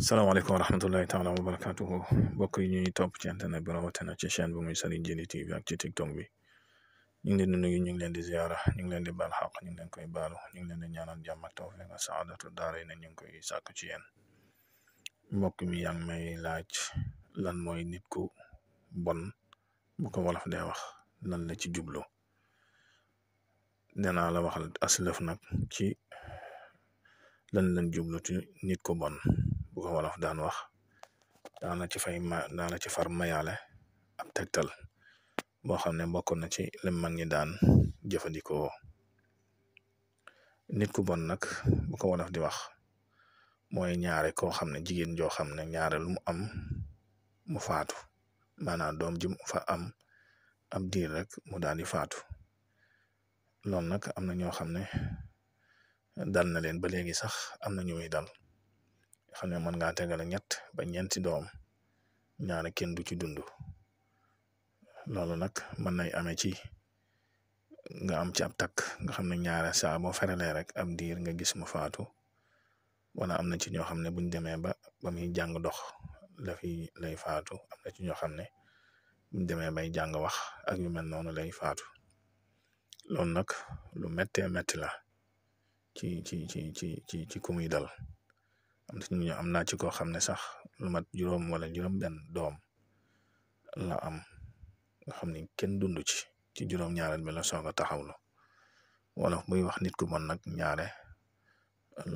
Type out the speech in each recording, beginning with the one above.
salaamaaleykum wa rahmatullahi taala wa barakatuhu mbokk yi ñuy topp ci internet bi rawatina ci chaîne bu muy Serigne Djily TV ak ci TikTok bi ñu ngi leen di nuyu ñu ngi leen di ziara ñu ngi leen di baal xaq ñu ngi koy baalu ñu ngi leen di ñaanal jàmm ak tawfiq ak saadatu daara yi ne ñu ngi koy sàkk ci yéen mbokk mi yaa may laaj lan mooy nit ku bon bu ko wolof dee wax lan la ci jublu danaa la waxal aslëf nag ci lan lañ jublu ci nit ku bon bu ko wolof daan wax daana ci fay ma daana ci far mayale ab tegtal boo xam ne bokk na ci lim mag ñi daan jëfandikoo nit ku bon nag bu ko wolof di wax mooy ñaare koo xam ne jigéen joo xam ne ñaare lu am mu faatu maanaam doom ji mu fa am ab diir rek mu daal di faatu loolu nag am na ñoo xam ne dal na leen ba léegi sax am na ñu muy dal nga xam ne mën ngaa tegale ñett ba ñeenti doom ñaar kenn du ci dund loolu nag mën nay amee ci nga am ci ab takk nga xam ne ñaare saa boo feralee rek ab diir nga gis mu faatu wala am na ci ñoo xam ne buñ demee ba ba muy jàng dox la lay faatu am na ci ñoo xam ne buñ demee bay jàng wax ak yu mel noonu lay faatu loolu nag lu mette métti la ci ci ci ci ci ci ku dal am na ñu am naa ci koo xam ne sax lu mat juróom wala juróom-benn doom la am xam ni kenn dund ci ci juróom-ñaareel bi la soog a taxawlu wala muy wax nit ku bon nag ñaare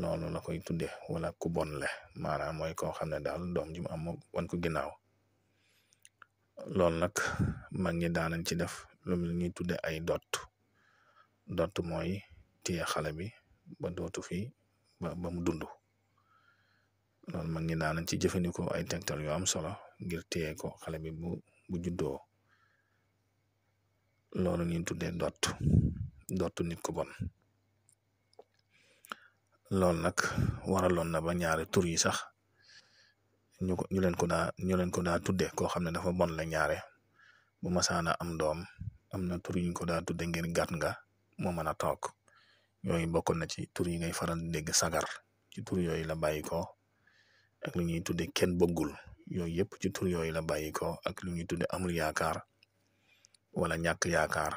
loolu la koy tudde wala ku bon le maanaam mooy koo xam ne daal doom ji am wan ko ginnaaw loolu nag mag ñi daanañ ci def lu ñuy tudde ay dot dot mooy téye xale bi ba dootu fi ba ba mu dund. loolu mag ñi daanañ ci jëfandikoo ay tegtal yo am solo ngir téye ko xale bi bu bu juddoo loolu ñuy tuddee dott dott nit ku bon loolu nag waraloon na ba ñaari tur yi sax ñu ko ñu leen ko daa ñu leen ko daa tuddee koo xam ne dafa bon le ñaare bu masaana am doom am na tur yi ko daa tuddee ngir gàtt nga moo mën a toog yooyu bokkoon na ci tur yi ngay faral di dégg sagar ci tur yooyu la bàyyi ko ak lu ñuy tudde kenn bëggul yooyu yëpp ci tur yooyu la bàyyi ak lu ñuy tudde amul yaakaar wala ñàkk yaakaar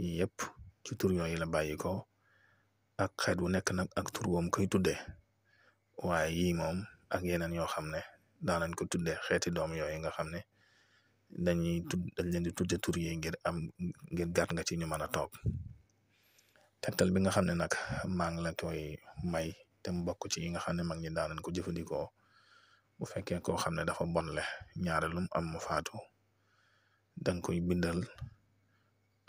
yi yëpp ci tur yooyu la bàyyi ak xeet wu nekk nag ak tur woom koy tudde waaye yii moom ak yeneen yoo xam ne daanañ ko tudde xeeti doom yooyu nga xam ne dañuy tudd dañ leen di tudde tur yi ngir am ngir gàtt nga ci ñu mën a toog tegtal bi nga xam ne nag maa ngi la koy may te mu bokk ci yi nga xam ne mag ñi daanañ ko jëfandikoo bu fekkee koo xam ne dafa bon le ñaare lum am mu faatu dang koy bindal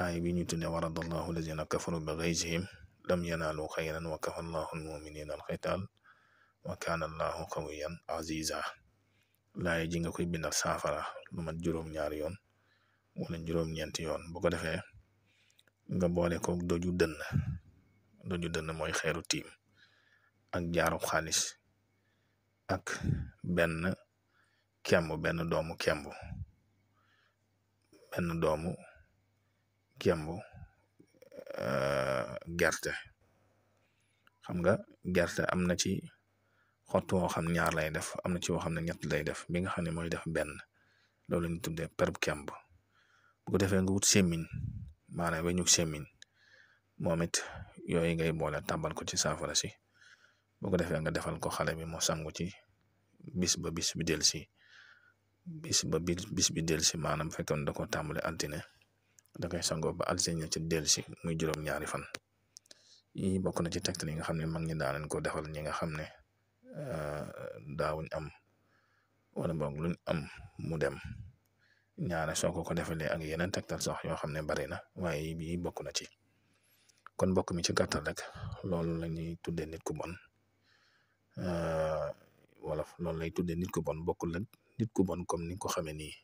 ay bi ñu tudde warada allahu lazina kafaru bi ghaysihim lam yanaalu xayran wa kafa allahu almuminina alqital wa kaana allahu qawiyan aziza laay ji koy bindal saafara lu mat juróom-ñaari yoon wala juróom-ñeenti yoon bu ko defee nga boole ko doju dënn doju dënn mooy xeeru tiim ak jaaru xaalis ak benn kemb benn doomu kemb benn doomu kemb euh, gerte xam nga gerte am na ci xot woo xam ñaar lay def am na ci woo xam ne ñett lay def bi nga xam ne mooy def benn loolu la ñu tuddee perb kemb bu ko defee nga wut semmiñ maanaam weñu semmiñ moom it yooyu ngay boole tàmbal ko ci saafara si. boo ko defee nga defal ko xale bi mu sangu ci bis ba bis bi del si bis ba bis bi del si maanaam fekkoon da ko tàmbale altine da koy sangoo ba altine ci del si muy juróom-ñaari fan yi bokk na ci tegtal yi nga xam ne mag ñi daan nañ ko defal ñi nga xam ne euh, daawuñ am wala boog luñ am mu dem ñaare soo ko ko defalee ak yeneen tegtal sax yoo xam ne bari na waaye bii bokk na ci kon bokk mi ci gàttal rek loolu la ñuy tuddee nit ku bon Euh, wolof loolu lay tudde nit ku bon bokkul la nit ku bon comme ni nga ko xamee nii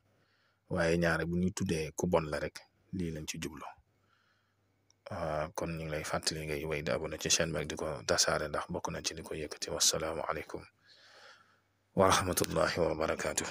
waaye ñaare bu ñuy tuddee ku bon la rek lii lañ ci jublu euh, kon ñu ngi lay fàttali nga way di abonné ci chaîne bi di ko tasaare ndax bokk na ci li ko yëkkati wasalaamualeykum wa rahmatullahi wa barakaatu.